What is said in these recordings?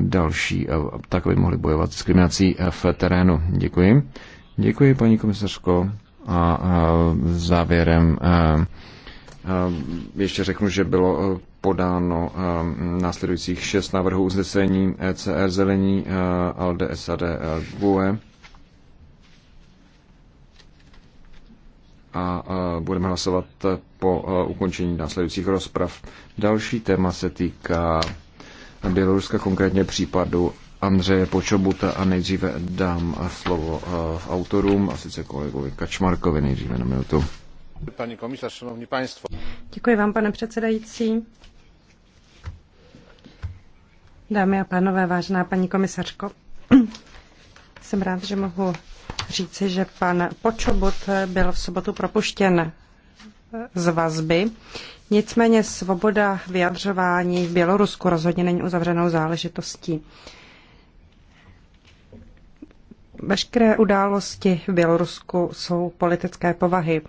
další, eh, tak aby mohli bojovat s diskriminací eh, v terénu. Děkuji. Děkuji, paní komisařko. A eh, závěrem ještě řeknu, že bylo podáno následujících šest návrhů usnesení ECR Zelení, ALDE, SAD, GUE. a e. budeme hlasovat po ukončení následujících rozprav. Další téma se týká Běloruska, konkrétně případu Andřeje Počobuta a nejdříve dám slovo eh, autorům, a sice kolegovi Kačmarkovi nejdříve na minutu. Pani komisař, šanovní państwo. Děkuji vám, pane předsedající. Dámy a pánové, vážná, paní komisařko, jsem rád, že mohu říci, že pan Počobut byl v sobotu propuštěn z vazby. Nicméně svoboda vyjadřování v Bělorusku rozhodně není uzavřenou záležitostí. Veškeré události v Bělorusku jsou politické povahy.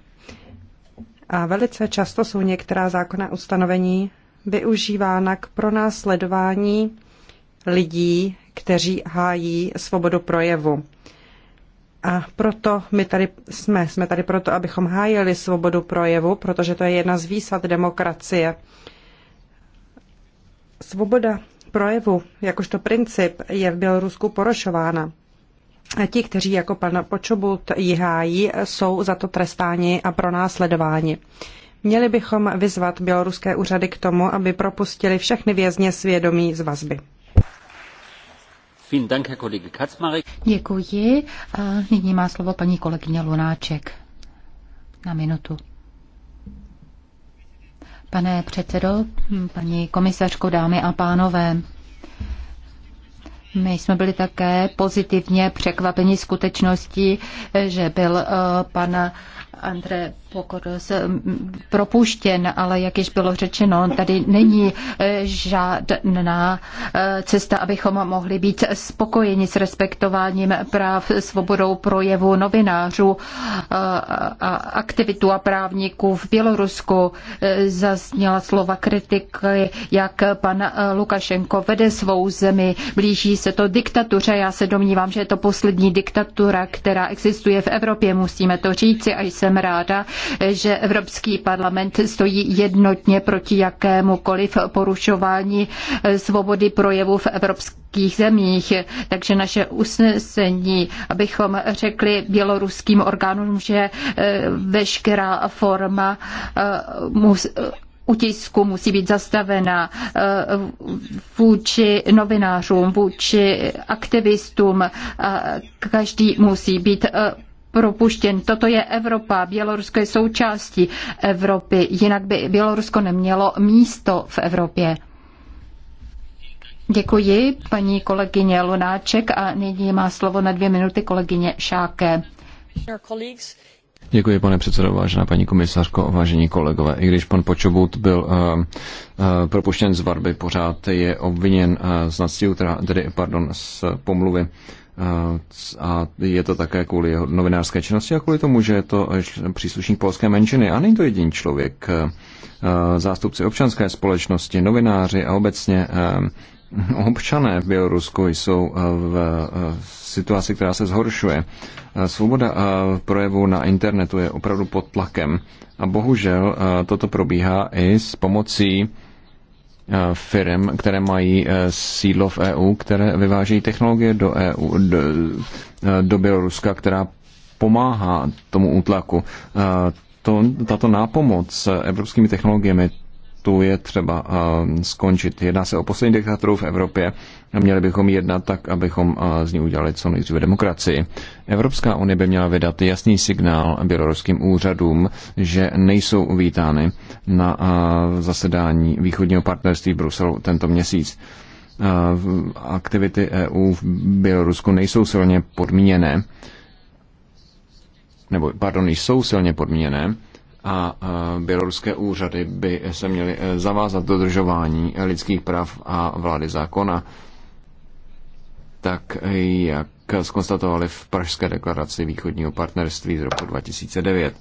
A velice často jsou některá zákonná ustanovení využívána k pronásledování lidí, kteří hájí svobodu projevu. A proto my tady jsme. Jsme tady proto, abychom hájili svobodu projevu, protože to je jedna z výsad demokracie. Svoboda projevu jakožto princip je v Bělorusku porošována. A ti, kteří jako pan Počobut ji hájí, jsou za to trestáni a pronásledováni. Měli bychom vyzvat běloruské úřady k tomu, aby propustili všechny vězně svědomí z vazby. Děkuji. A nyní má slovo paní kolegyně Lunáček na minutu. Pane předsedo, paní komisařko, dámy a pánové, my jsme byli také pozitivně překvapeni skutečností, že byl eh, pan Andre Pokoros propuštěn, ale jak již bylo řečeno, tady není e, žádná e, cesta, abychom mohli být spokojeni s respektováním práv, svobodou projevu novinářů, e, a aktivitu a právníků v Bělorusku. Zazněla slova kritiky, jak pan Lukašenko vede svou zemi. Blíží se to diktatuře. Já se domnívám, že je to poslední diktatura, která existuje v Evropě. Musíme to říci a jsem ráda, že Evropský parlament stojí jednotně proti jakémukoliv porušování svobody projevu v evropských zemích. Takže naše usnesení, abychom řekli běloruským orgánům, že eh, veškerá forma útisku eh, utisku musí být zastavena eh, vůči novinářům, vůči aktivistům. Každý musí být propuštěn. Toto je Evropa, Bělorusko je součástí Evropy, jinak by Bělorusko nemělo místo v Evropě. Děkuji paní kolegyně Lunáček a nyní má slovo na dvě minuty kolegyně Šáke. Děkuji, pane předsedo, vážená paní komisařko, vážení kolegové. I když pan Počobut byl uh, uh, propuštěn z Varby, pořád je obviněn uh, z nadstíhu, tedy, pardon, z pomluvy. Uh, a je to také kvůli jeho novinářské činnosti a kvůli tomu, že je to příslušník polské menšiny. A není to jediný člověk. Zástupci občanské společnosti, novináři a obecně občané v Bělorusku jsou v situaci, která se zhoršuje. Svoboda projevu na internetu je opravdu pod tlakem a bohužel toto probíhá i s pomocí Eh, firm, které mají eh, sídlo v EU, které vyvážejí technologie do EU, do, eh, do Běloruska, která pomáhá tomu útlaku. To, tato nápomoc s evropskými technologiemi, tu je třeba skončit. Jedná se o poslední diktaturu v Evropě. Měli bychom jednat tak, abychom z ní udělali co nejdříve demokracii. Evropská unie by měla vydat jasný signál běloruským úřadům, že nejsou vítány na zasedání východního partnerství v Bruselu tento měsíc aktivity EU v Bělorusku nejsou silně podmíněné, nebo pardon, jsou silně podmíněné a běloruské úřady by se měly e, zavázat dodržování lidských práv a vlády zákona, tak e, jak skonstatovali v Pražské deklaraci východního partnerství z roku 2009.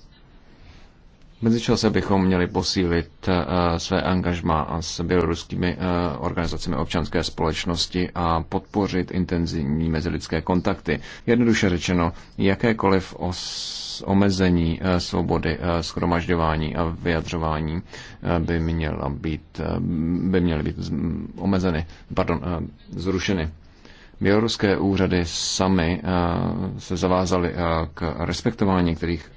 Mezičase bychom měli posílit e, své angažma s běloruskými organizacemi občanské společnosti a podpořit intenzivní mezilidské kontakty. Jednoduše řečeno, jakékoliv os omezení eh, svobody eh, schromažďování a vyjadřování eh, by, měla být, by měly být omezeny, pardon, zrušeny. Běloruské úřady sami se zavázaly k respektování některých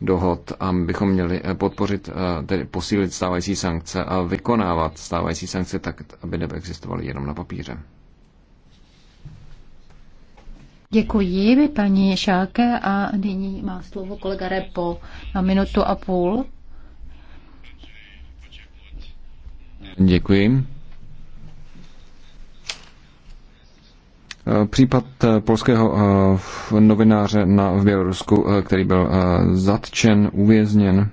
dohod a bychom měli podpořit, tedy posílit stávající sankce a vykonávat stávající sankce tak, aby neexistovaly jenom na papíře. Děkuji paní Šáke a nyní má slovo kolega Repo na minutu a půl. Děkuji. Případ polského eh, novináře na, v Bělorusku, eh, který byl eh, zatčen, uvězněn.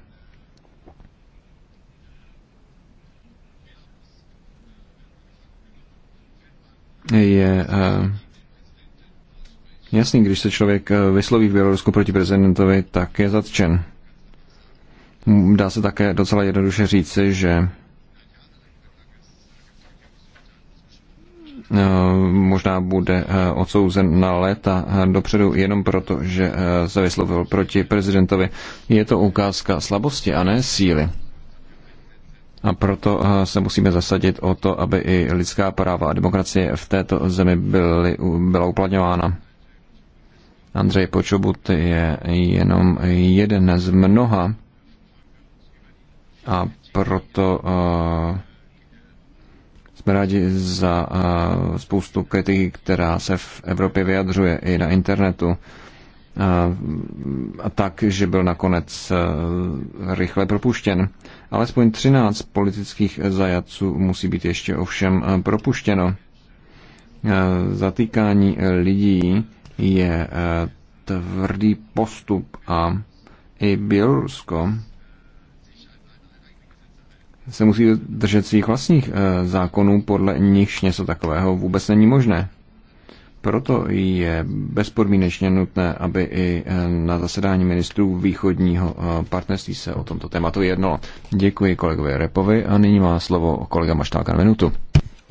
je Jasný, když se člověk eh, vysloví v Bělorusku proti prezidentovi, tak je zatčen. Mm, dá se také docela jednoduše říci, že eh, možná bude eh, odsouzen na léta dopředu jenom proto, že se vyslovil proti prezidentovi. Je to ukázka slabosti a ne síly. A proto se musíme zasadit o to, aby i lidská práva a demokracie v této zemi byly, byla uplatňována. Andrej Počobut je jenom jeden z mnoha a proto uh, jsme rádi za uh, spoustu kritiky, která se v Evropě vyjadřuje i na internetu. Uh, a tak, že byl nakonec rychle propuštěn. Alespoň 13 politických zajatců musí být ještě ovšem propuštěno. Zatýkání lidí je eh, tvrdý postup a i Bělorusko se musí držet svých vlastních eh, zákonů, podle nichž něco takového vůbec není možné. Proto je bezpodmínečně nutné, aby i eh, na zasedání ministrů východního partnerství se o tomto tématu jednalo. Děkuji kolegovi Repovi a nyní má slovo kolega Maštálka na minutu.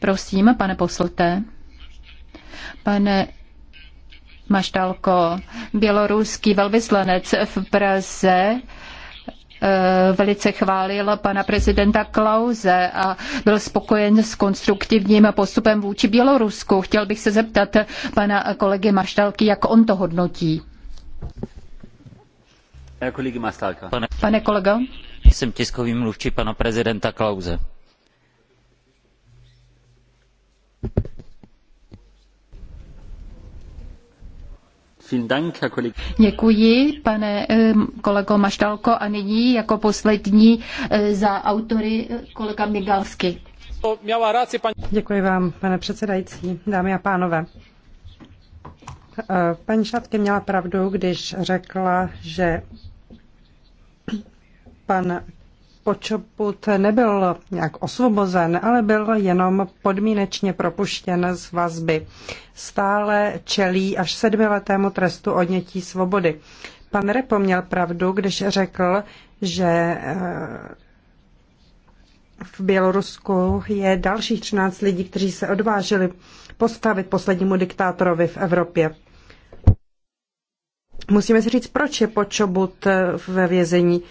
Prosím, pane poslte. Pane Maštalko, běloruský velvyslanec v Praze eh, velice chválil pana prezidenta Klauze a byl spokojen s konstruktivním postupem vůči Bělorusku. Chtěl bych se zeptat pana kolegy Maštalky, jak on to hodnotí. Pane kolego, jsem tiskový mluvčí pana prezidenta Klauze. Děkuji, pane eh, kolego Maštalko. A nyní jako poslední eh, za autory eh, kolega Migalsky. Děkuji vám, pane předsedající, dámy a pánové. Paní Šatky měla pravdu, když řekla, že pan počoput nebyl nějak osvobozen, ale byl jenom podmínečně propuštěn z vazby. Stále čelí až sedmiletému trestu odnětí svobody. Pan Repo měl pravdu, když řekl, že eh, v Bělorusku je dalších 13 lidí, kteří se odvážili postavit poslednímu diktátorovi v Evropě. Musíme si říct, proč je Počobut eh, ve vězení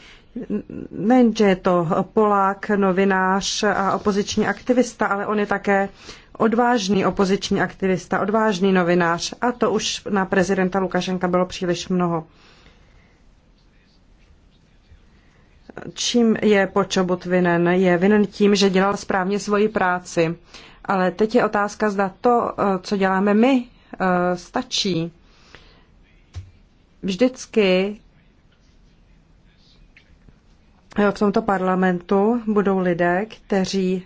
nejenže je to Polák, novinář a opoziční aktivista, ale on je také odvážný opoziční aktivista, odvážný novinář. A to už na prezidenta Lukašenka bylo příliš mnoho. Čím je Počobut vinen? Je vinen tím, že dělal správně svoji práci. Ale teď je otázka, zda to, co děláme my, stačí. Vždycky v tomto parlamentu budou lidé, kteří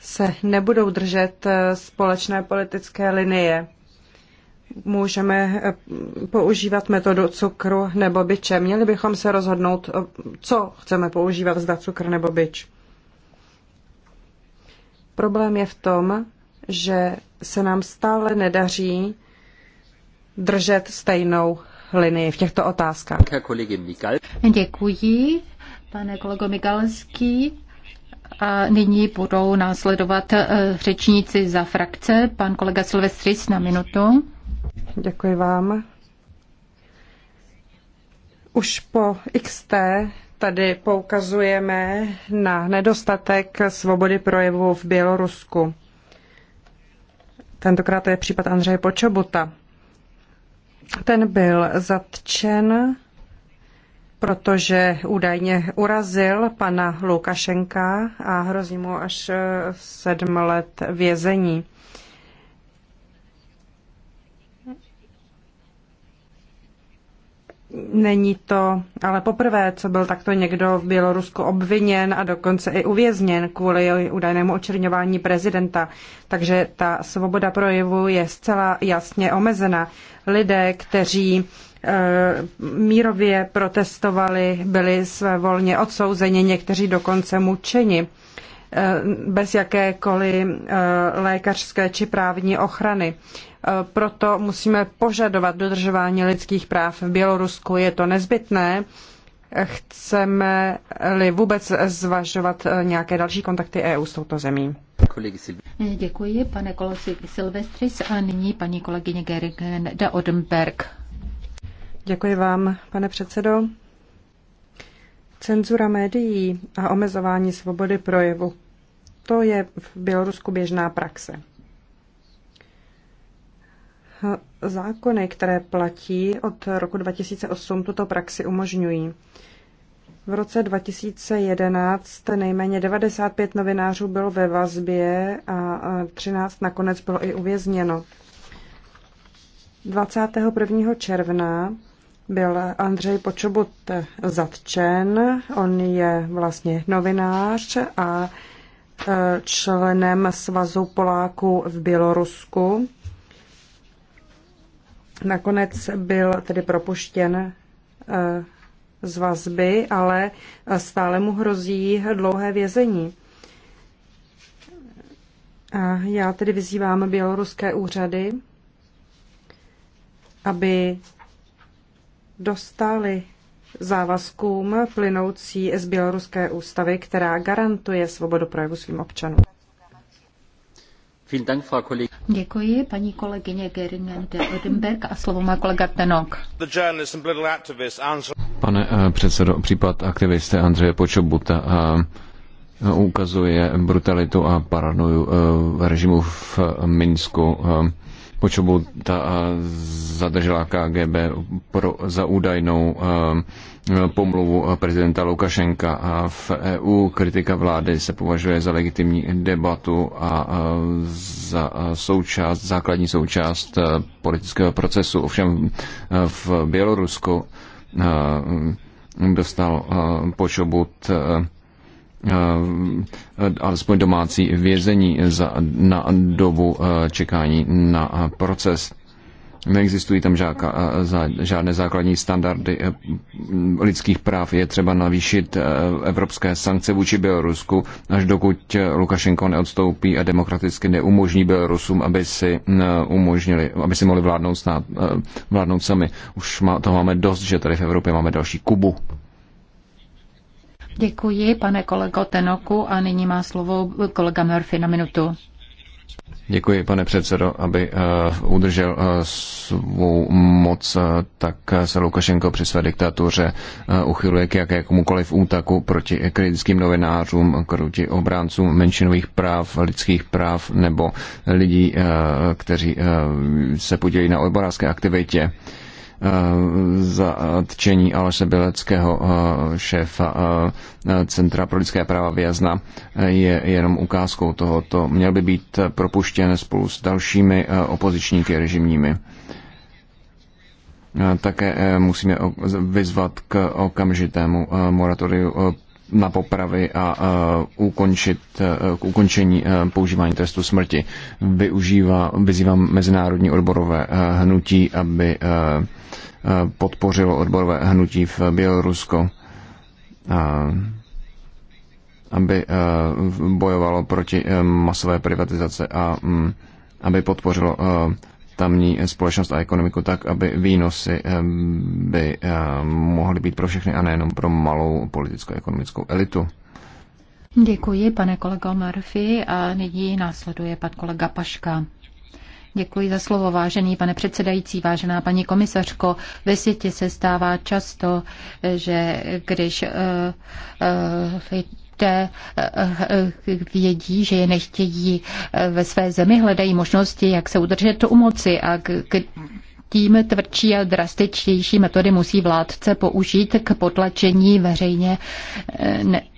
se nebudou držet eh, společné politické linie. Můžeme eh, používat metodu cukru nebo byče. Měli bychom se rozhodnout, eh, co chceme používat, zda cukr nebo byč. Problém je v tom, že se nám stále nedaří držet stejnou linii v těchto otázkách. Děkuji, pane kolego Migalský. A nyní budou následovat eh, řečníci za frakce. Pan kolega Silvestris na minutu. Děkuji vám. Už po XT tady poukazujeme na nedostatek svobody projevu v Bělorusku. Tentokrát to je případ Andřeje Počobuta. Ten byl zatčen, protože údajně urazil pana Lukašenka a hrozí mu až eh, sedm let vězení. Není to ale poprvé, co byl takto někdo v Bělorusku obviněn a dokonce i uvězněn kvůli údajnému očerňování prezidenta. Takže ta svoboda projevu je zcela jasně omezena. Lidé, kteří e, mírově protestovali, byli své volně odsouzeni, někteří dokonce mučeni e, bez jakékoliv e, lékařské či právní ochrany. Eh, proto musíme požadovat dodržování lidských práv v Bělorusku. Je to nezbytné. Chceme-li vůbec zvažovat eh, nějaké další kontakty EU s touto zemí? Děkuji, pane kolego Silvestris. A nyní paní kolegyně Gerigen de Odenberg. Děkuji vám, pane předsedo. Cenzura médií a omezování svobody projevu. To je v Bělorusku běžná praxe zákony, které platí od roku 2008, tuto praxi umožňují. V roce 2011 nejméně 95 novinářů bylo ve vazbě a 13 nakonec bylo i uvězněno. 21. června byl Andřej Počobut zatčen. On je vlastně novinář a e, členem Svazu Poláků v Bělorusku. Nakonec byl tedy propuštěn eh, z vazby, ale eh, stále mu hrozí dlouhé vězení. A já tedy vyzývám běloruské úřady, aby dostali závazkům plynoucí z běloruské ústavy, která garantuje svobodu projevu svým občanům. Děkuji paní kolegyně Geringen de Odenberg a slovo má kolega Tenok. Pane eh, předsedo, případ aktivisty Andřeje Počobuta eh, ukazuje brutalitu a paranoju eh, režimu v Minsku počubu ta zadržela KGB pro, za údajnou pomluvu prezidenta Lukašenka v EU. Kritika vlády se považuje za legitimní debatu a za součást, základní součást politického procesu. Ovšem v Bělorusku dostal počobut Eh, alespoň domácí vězení za, na dobu eh, čekání na eh, proces. Neexistují tam žáka, žádné základní standardy lidských práv. Je třeba navýšit evropské sankce vůči Bělorusku, až dokud Lukašenko neodstoupí a demokraticky neumožní Bělorusům, aby si, umožnili, aby si mohli vládnout, snad, vládnout sami. Už má, to máme dost, že tady v Evropě máme další Kubu. Děkuji, pane kolego Tenoku, a nyní má slovo kolega Murphy na minutu. Děkuji, pane předsedo. Aby uh, udržel uh, svou moc, uh, tak se Lukašenko při své diktatuře uh, uchyluje k jakémukoliv útaku proti kritickým novinářům, proti obráncům menšinových práv, lidských práv nebo lidí, uh, kteří uh, se podílí na odborářské aktivitě. Uh, zatčení Aleše Bileckého, eh, šéfa eh, Centra pro lidské práva Vězna eh, je jenom ukázkou tohoto. Měl by být propuštěn spolu s dalšími opozičníky režimními. Také musíme vyzvat k okamžitému moratoriu na popravy a ukončit, e, k ukončení e, používání trestu smrti. Využívá, vyzývám mezinárodní odborové e, hnutí, aby podpořilo odborové hnutí v Bělorusko, aby bojovalo proti masové privatizace a mm, aby podpořilo tamní společnost a ekonomiku tak, aby výnosy eh, by eh, mohly být pro všechny a nejenom pro malou politicko-ekonomickou elitu. Děkuji, pane kolego Murphy, a nyní následuje pan kolega Paška. Děkuji za slovo, vážený pane předsedající, vážená paní komisařko. Ve světě se stává často, eh, že když uh, uh, lidé eh, eh, vědí, že je nechtějí eh, ve své zemi, hledají možnosti, jak se udržet u moci a k, tím tvrdší a drastičtější metody musí vládce použít k potlačení veřejně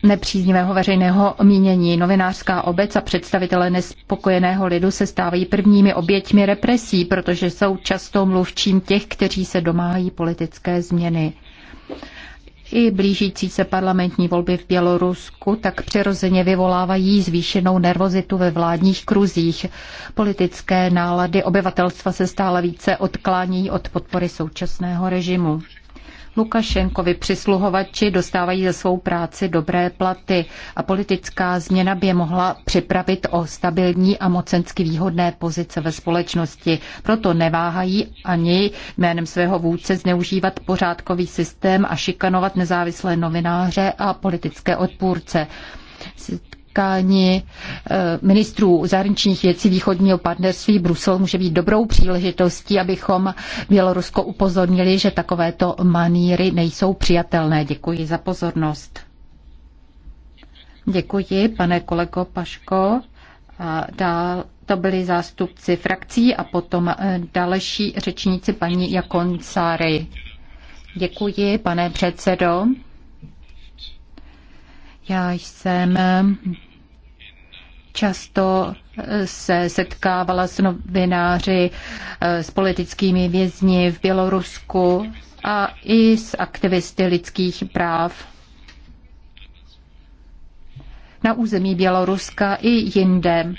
nepříznivého veřejného mínění. Novinářská obec a představitelé nespokojeného lidu se stávají prvními oběťmi represí, protože jsou často mluvčím těch, kteří se domáhají politické změny i blížící se parlamentní volby v Bělorusku tak přirozeně vyvolávají zvýšenou nervozitu ve vládních kruzích. Politické nálady obyvatelstva se stále více odklánějí od podpory současného režimu. Lukašenkovi přisluhovači dostávají za svou práci dobré platy a politická změna by je mohla připravit o stabilní a mocensky výhodné pozice ve společnosti. Proto neváhají ani jménem svého vůdce zneužívat pořádkový systém a šikanovat nezávislé novináře a politické odpůrce setkání eh, ministrů zahraničních věcí východního partnerství Brusel může být dobrou příležitostí, abychom Bělorusko upozornili, že takovéto maníry nejsou přijatelné. Děkuji za pozornost. Děkuji, pane kolego Paško. A dál to byli zástupci frakcí a potom eh, další řečníci paní Jakoncáry. Děkuji, pane předsedo. Já jsem Často eh, se setkávala s novináři, eh, s politickými vězni v Bělorusku a i s aktivisty lidských práv na území Běloruska i jinde.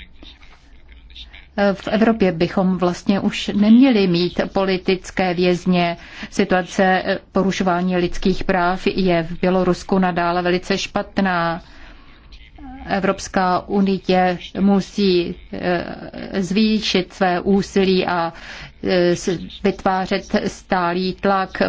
V Evropě bychom vlastně už neměli mít politické vězně. Situace eh, porušování lidských práv je v Bělorusku nadále velice špatná. Evropská unie musí eh, zvýšit své úsilí a eh, vytvářet stálý tlak.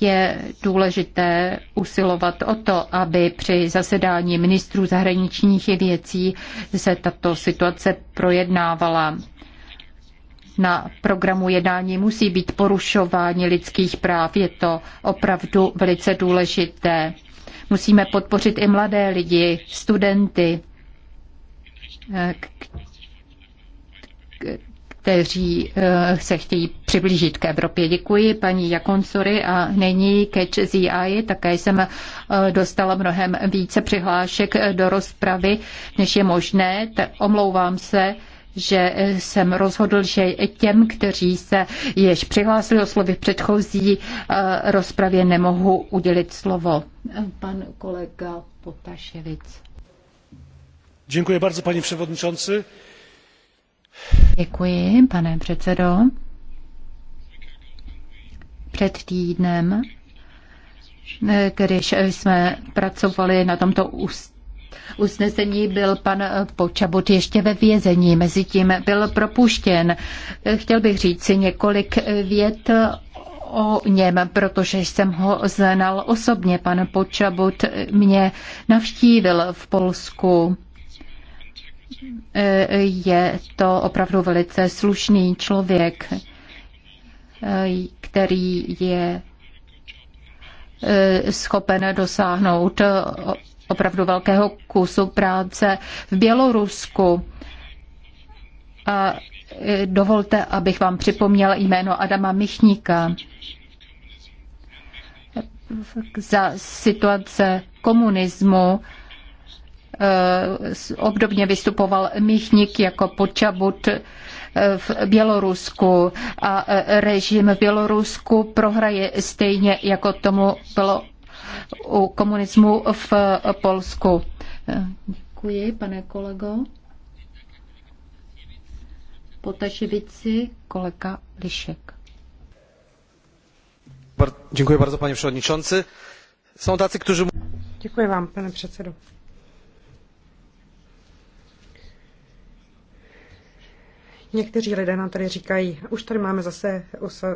Je důležité usilovat o to, aby při zasedání ministrů zahraničních věcí se tato situace projednávala. Na programu jednání musí být porušování lidských práv. Je to opravdu velice důležité Musíme podpořit i mladé lidi, studenty, eh, kteří eh, se chtějí přiblížit k Evropě. Děkuji paní Jakonsory a nyní Catch the Eye. Také jsem eh, dostala mnohem více přihlášek do rozpravy, než je možné. Omlouvám se že eh, jsem rozhodl, že těm, kteří se již přihlásili o slovy v předchozí eh, rozpravě, nemohu udělit slovo. Pan kolega Potaševic. Děkuji bardzo, paní předsedající. Děkuji, pane předsedo. Před týdnem, eh, když jsme pracovali na tomto ústavě, usnesení byl pan Počabut ještě ve vězení, mezi tím byl propuštěn. Chtěl bych říct si několik vět o něm, protože jsem ho znal osobně. Pan Počabut mě navštívil v Polsku. Je to opravdu velice slušný člověk, který je schopen dosáhnout opravdu velkého kusu práce v Bělorusku. A e, dovolte, abych vám připomněla jméno Adama Michníka. Za situace komunismu e, obdobně vystupoval Michník jako Počabut e, v Bělorusku a režim v Bělorusku prohraje stejně, jako tomu bylo u komunismu v Polsku. Děkuji, pane kolego. Potaševici, kolega Lišek. Děkuji bardzo, pane předsedající. Jsou tací, kteří... Děkuji vám, pane předsedo. Někteří lidé nám tady říkají, už tady máme zase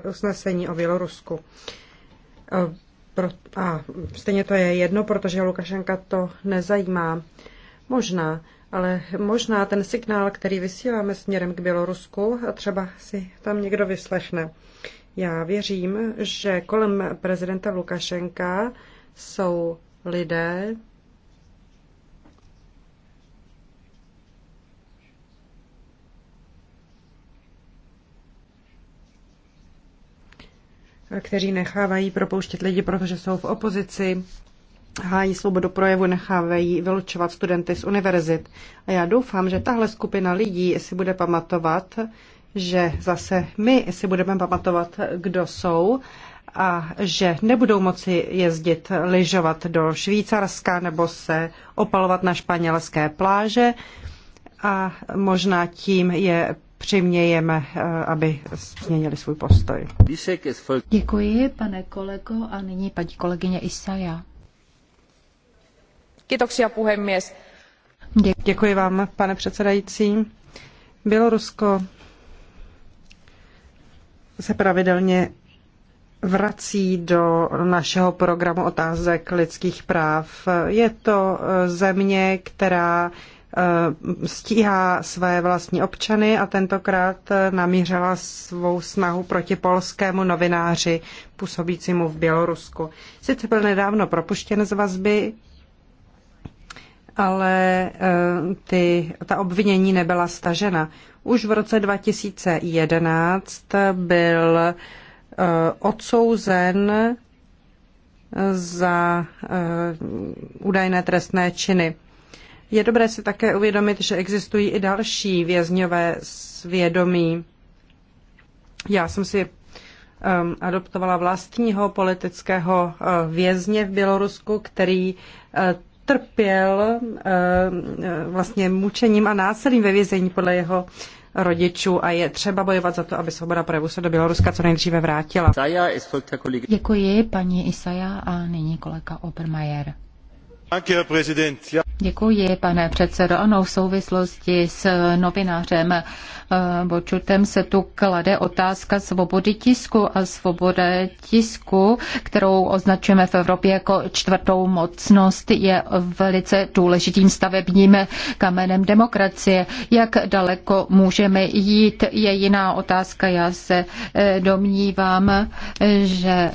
usnesení o Bělorusku a stejně to je jedno, protože Lukašenka to nezajímá. Možná, ale možná ten signál, který vysíláme směrem k Bělorusku, a třeba si tam někdo vyslechne. Já věřím, že kolem prezidenta Lukašenka jsou lidé, kteří nechávají propouštět lidi, protože jsou v opozici, hájí svobodu projevu, nechávají vylučovat studenty z univerzit. A já doufám, že tahle skupina lidí si bude pamatovat, že zase my si budeme pamatovat, kdo jsou a že nebudou moci jezdit lyžovat do Švýcarska nebo se opalovat na španělské pláže a možná tím je přimějeme, eh, aby změnili svůj postoj. Děkuji, pane kolego, a nyní paní kolegyně Isaja. Kiitoksia, puhemies. Děkuji vám, pane předsedající. Bělorusko se pravidelně vrací do našeho programu otázek lidských práv. Je to eh, země, která Eh, stíhá své vlastní občany a tentokrát eh, namířila svou snahu proti polskému novináři působícímu v Bělorusku. Sice byl nedávno propuštěn z vazby, ale eh, ty, ta obvinění nebyla stažena. Už v roce 2011 byl odsouzen za údajné trestné činy. Je dobré si také uvědomit, že existují i další vězňové svědomí. Já jsem si um, adoptovala vlastního politického uh, vězně v Bělorusku, který uh, trpěl uh, uh vlastně mučením a násilím ve vězení podle jeho rodičů a je třeba bojovat za to, aby svoboda projevu se do Běloruska co nejdříve vrátila. Děkuji paní Isaja a nyní kolega Obermajer. Děkuji, pane předsedo. Ano, v souvislosti s novinářem eh, Bočutem se tu klade otázka svobody tisku a svoboda tisku, kterou označujeme v Evropě jako čtvrtou mocnost, je velice důležitým stavebním kamenem demokracie. Jak daleko můžeme jít, je jiná otázka. Já se eh, domnívám, že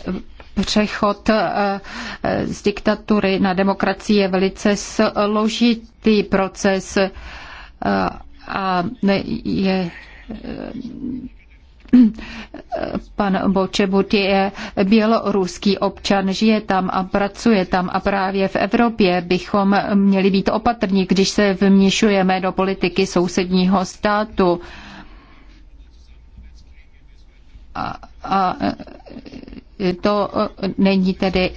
přechod eh, eh, z diktatury na demokracii je velice složitý proces eh, a je Pan Bočebut je běloruský občan, žije tam a pracuje tam a právě v Evropě bychom měli být opatrní, když se vměšujeme do politiky sousedního státu. A, a to eh, není tedy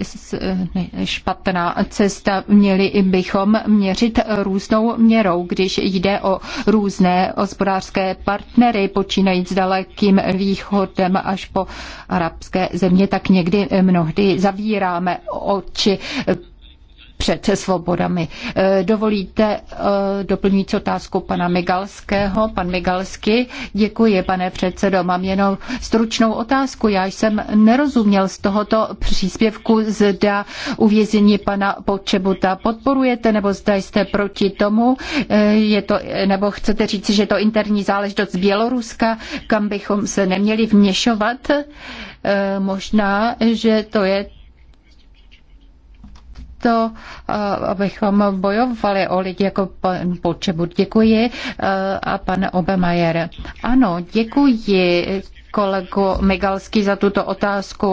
špatná cesta. Měli bychom měřit různou měrou, když jde o různé hospodářské partnery, počínajíc dalekým východem až po arabské země, tak někdy mnohdy zavíráme oči před svobodami. E, dovolíte e, doplňující otázku pana Migalského. Pan Migalsky, děkuji, pane předsedo. Mám jenom stručnou otázku. Já jsem nerozuměl z tohoto příspěvku, zda uvězení pana Počebuta podporujete, nebo zda jste proti tomu, e, je to, nebo chcete říct, že to interní záležitost Běloruska, kam bychom se neměli vměšovat. Možná, že to je to, eh, abychom bojovali o lidi jako pan Počebu. Děkuji eh, a pan Obemajer. Ano, děkuji kolegu Migalský za tuto otázku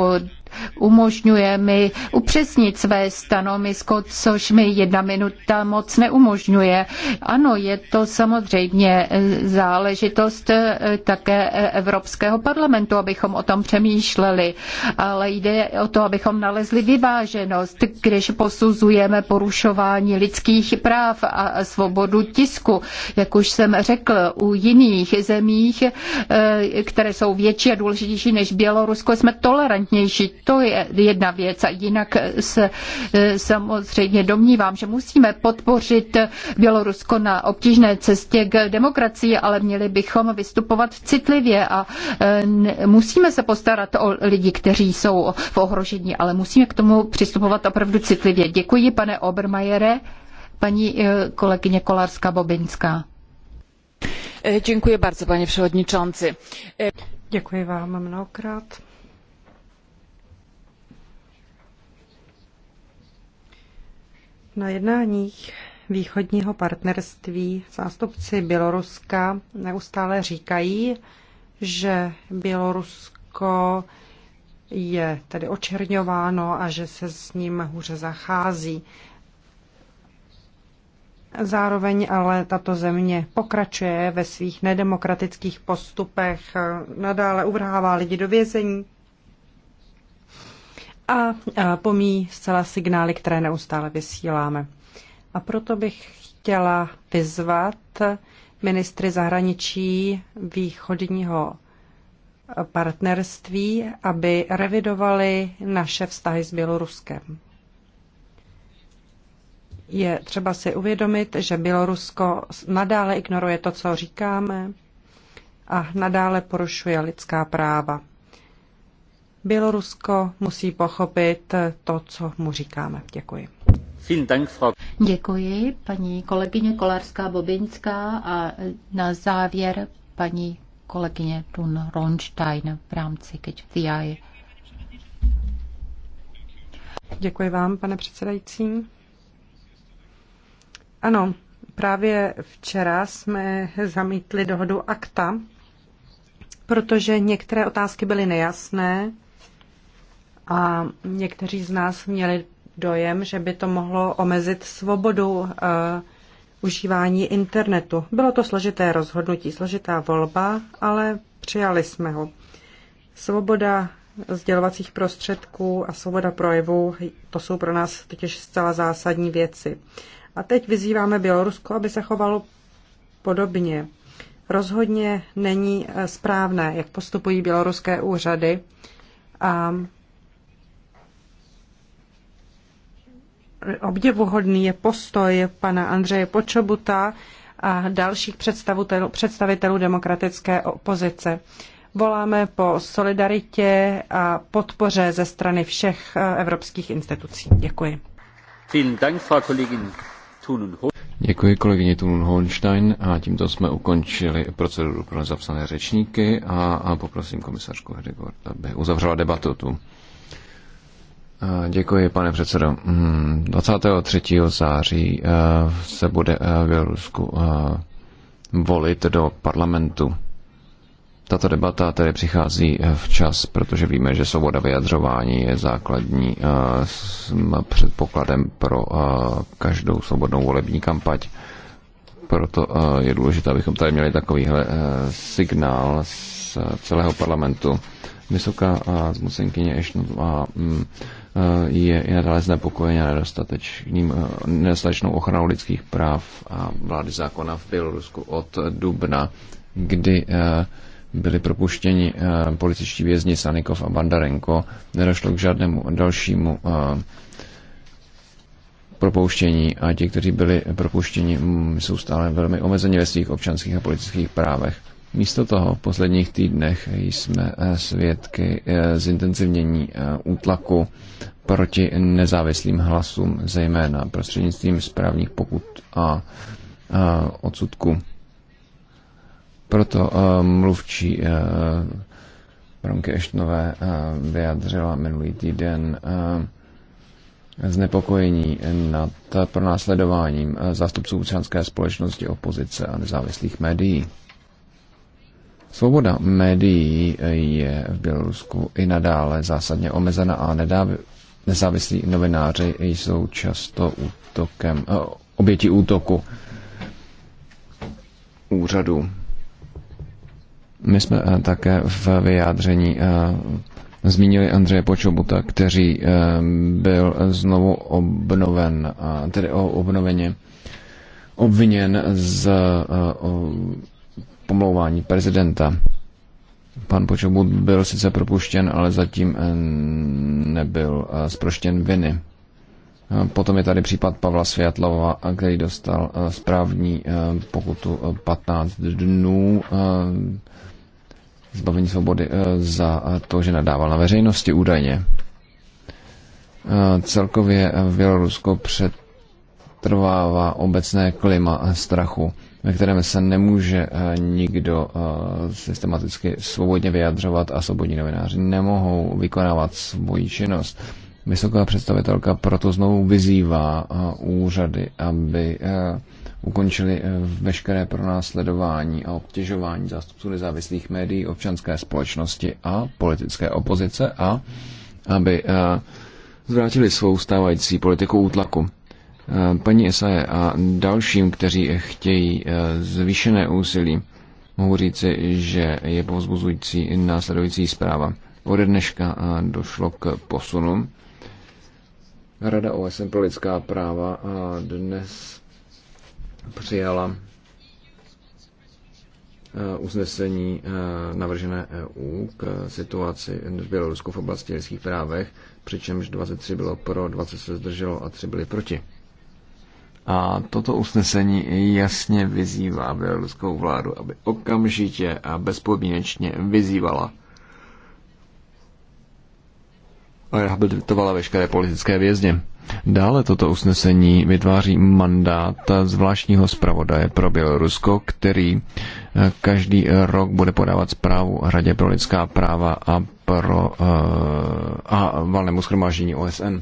umožňuje mi upřesnit své stanovisko, což mi jedna minuta moc neumožňuje. Ano, je to samozřejmě záležitost eh, také eh, Evropského parlamentu, abychom o tom přemýšleli, ale jde o to, abychom nalezli vyváženost, když posuzujeme porušování lidských práv a svobodu tisku. Jak už jsem řekl, u jiných zemích, eh, které jsou větší a důležitější než Bělorusko, jsme tolerantnější to je jedna věc. A jinak se e, samozřejmě domnívám, že musíme podpořit Bělorusko na obtížné cestě k demokracii, ale měli bychom vystupovat citlivě a e, musíme se postarat o lidi, kteří jsou v ohrožení, ale musíme k tomu přistupovat opravdu citlivě. Děkuji, pane Obermajere. Paní e, kolegyně Kolarska-Bobinská. Děkuji bardzo, pane předsedající. Děkuji vám mnohokrát. Na jednáních východního partnerství zástupci Běloruska neustále říkají, že Bělorusko je tedy očerňováno a že se s ním hůře zachází. Zároveň ale tato země pokračuje ve svých nedemokratických postupech, nadále uvrhává lidi do vězení, a pomíjí zcela signály, které neustále vysíláme. A proto bych chtěla vyzvat ministry zahraničí východního partnerství, aby revidovali naše vztahy s Běloruskem. Je třeba si uvědomit, že Bělorusko nadále ignoruje to, co říkáme a nadále porušuje lidská práva. Bělorusko musí pochopit to, co mu říkáme. Děkuji. Děkuji, paní kolegyně Kolarská Bobinská a na závěr paní kolegyně Tun Ronstein v rámci KCI. Děkuji vám, pane předsedající. Ano, právě včera jsme zamítli dohodu akta, protože některé otázky byly nejasné a někteří z nás měli dojem, že by to mohlo omezit svobodu uh, užívání internetu. Bylo to složité rozhodnutí, složitá volba, ale přijali jsme ho. Svoboda sdělovacích prostředků a svoboda projevu, to jsou pro nás totiž zcela zásadní věci. A teď vyzýváme Bělorusko, aby se chovalo podobně. Rozhodně není eh, správné, jak postupují běloruské úřady a obdivuhodný je postoj pana Andřeje Počobuta a dalších představitelů, představitelů demokratické opozice. Voláme po solidaritě a podpoře ze strany všech eh, evropských institucí. Děkuji. Děkuji kolegyně Tunun Holstein a tímto jsme ukončili proceduru pro zapsané řečníky a, a poprosím komisařku Hedegor, aby uzavřela debatu tu. Eh, děkuji, pane předsedo. 23. Hmm, září eh, se bude eh, v Bělorusku volit do parlamentu. Tato debata tedy přichází včas, protože víme, že svoboda vyjadřování je základní předpokladem pro každou svobodnou volební kampaň. Proto je důležité, abychom tady měli takovýhle signál z celého parlamentu. Vysoká zmocenkyně Ešnová mm, Eh, je i nadále nedostatečným eh, nedostatečnou ochranou lidských práv a vlády zákona v Bělorusku od dubna, kdy eh, byli propuštěni političtí vězni Sanikov a Bandarenko. Nedošlo k žádnému dalšímu propouštění a ti, kteří byli propuštěni, mm, jsou stále velmi omezeni ve svých občanských a politických právech. Místo toho v posledních týdnech jsme eh, svědky eh, zintenzivnění eh, útlaku proti nezávislým hlasům, zejména prostřednictvím správních pokut a odsudku. Proto mluvčí Bronke Eštnové vyjadřila minulý týden znepokojení nad pronásledováním zástupců občanské společnosti, opozice a nezávislých médií. Svoboda médií eh, je v Bělorusku i nadále zásadně omezena a nedá, nezávislí novináři jsou často útokem, eh, oběti útoku úřadu. My jsme eh, také v vyjádření zmínili Andreje Počobuta, který byl znovu obnoven, tedy o obnoveně obviněn z pomlouvání prezidenta. Pan Počobut byl sice propuštěn, ale zatím eh, nebyl eh, zproštěn viny. Eh, potom je tady případ Pavla Světlova, který dostal správní pokutu 15 dnů zbavení svobody za to, že nadával na veřejnosti údajně. Celkově v před trvává obecné klima strachu ve kterém se nemůže eh, nikdo eh, systematicky svobodně vyjadřovat a svobodní novináři nemohou vykonávat svoji činnost. Vysoká představitelka proto znovu vyzývá eh, úřady, aby ukončili veškeré pronásledování a obtěžování zástupců nezávislých médií, občanské společnosti a politické opozice a aby zvrátili svou stávající politiku útlaku. Eh, paní Esaje a dalším, kteří chtějí eh, zvýšené úsilí, mohu říci, že je povzbuzující následující zpráva. Ode dneška eh, došlo k posunu. Rada OSN pro lidská práva dnes přijala usnesení navržené EU k situaci v Bělorusku v oblasti lidských právech, přičemž 23 bylo pro, 20 se zdrželo a 3 byli proti. A toto usnesení jasně vyzývá běloruskou vládu, aby okamžitě a bezpodmínečně vyzývala a rehabilitovala veškeré politické vězně. Dále toto usnesení vytváří mandát zvláštního zpravodaje pro Bělorusko, který eh, každý rok bude podávat zprávu Radě pro lidská práva a pro eh, a valnému schromáždění OSN.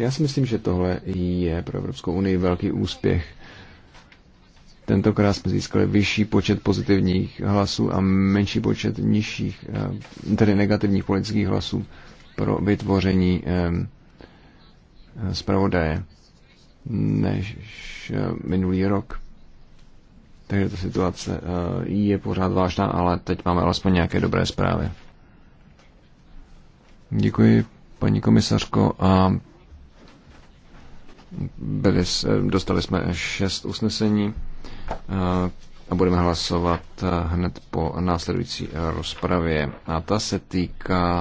Já si myslím, že tohle je pro Evropskou unii velký úspěch. Tentokrát jsme získali vyšší počet pozitivních hlasů a menší počet nižších, eh, tedy negativních politických hlasů pro vytvoření eh, zpravodaje než eh, minulý rok. Takže ta situace je pořád vážná, ale teď máme alespoň nějaké dobré zprávy. Děkuji, paní komisařko, a byli, dostali jsme šest usnesení eh, a budeme hlasovat eh, hned po následující eh, rozpravě. A ta se týká